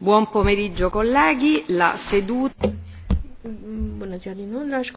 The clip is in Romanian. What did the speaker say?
Buon pomeriggio colleghi, la seduta.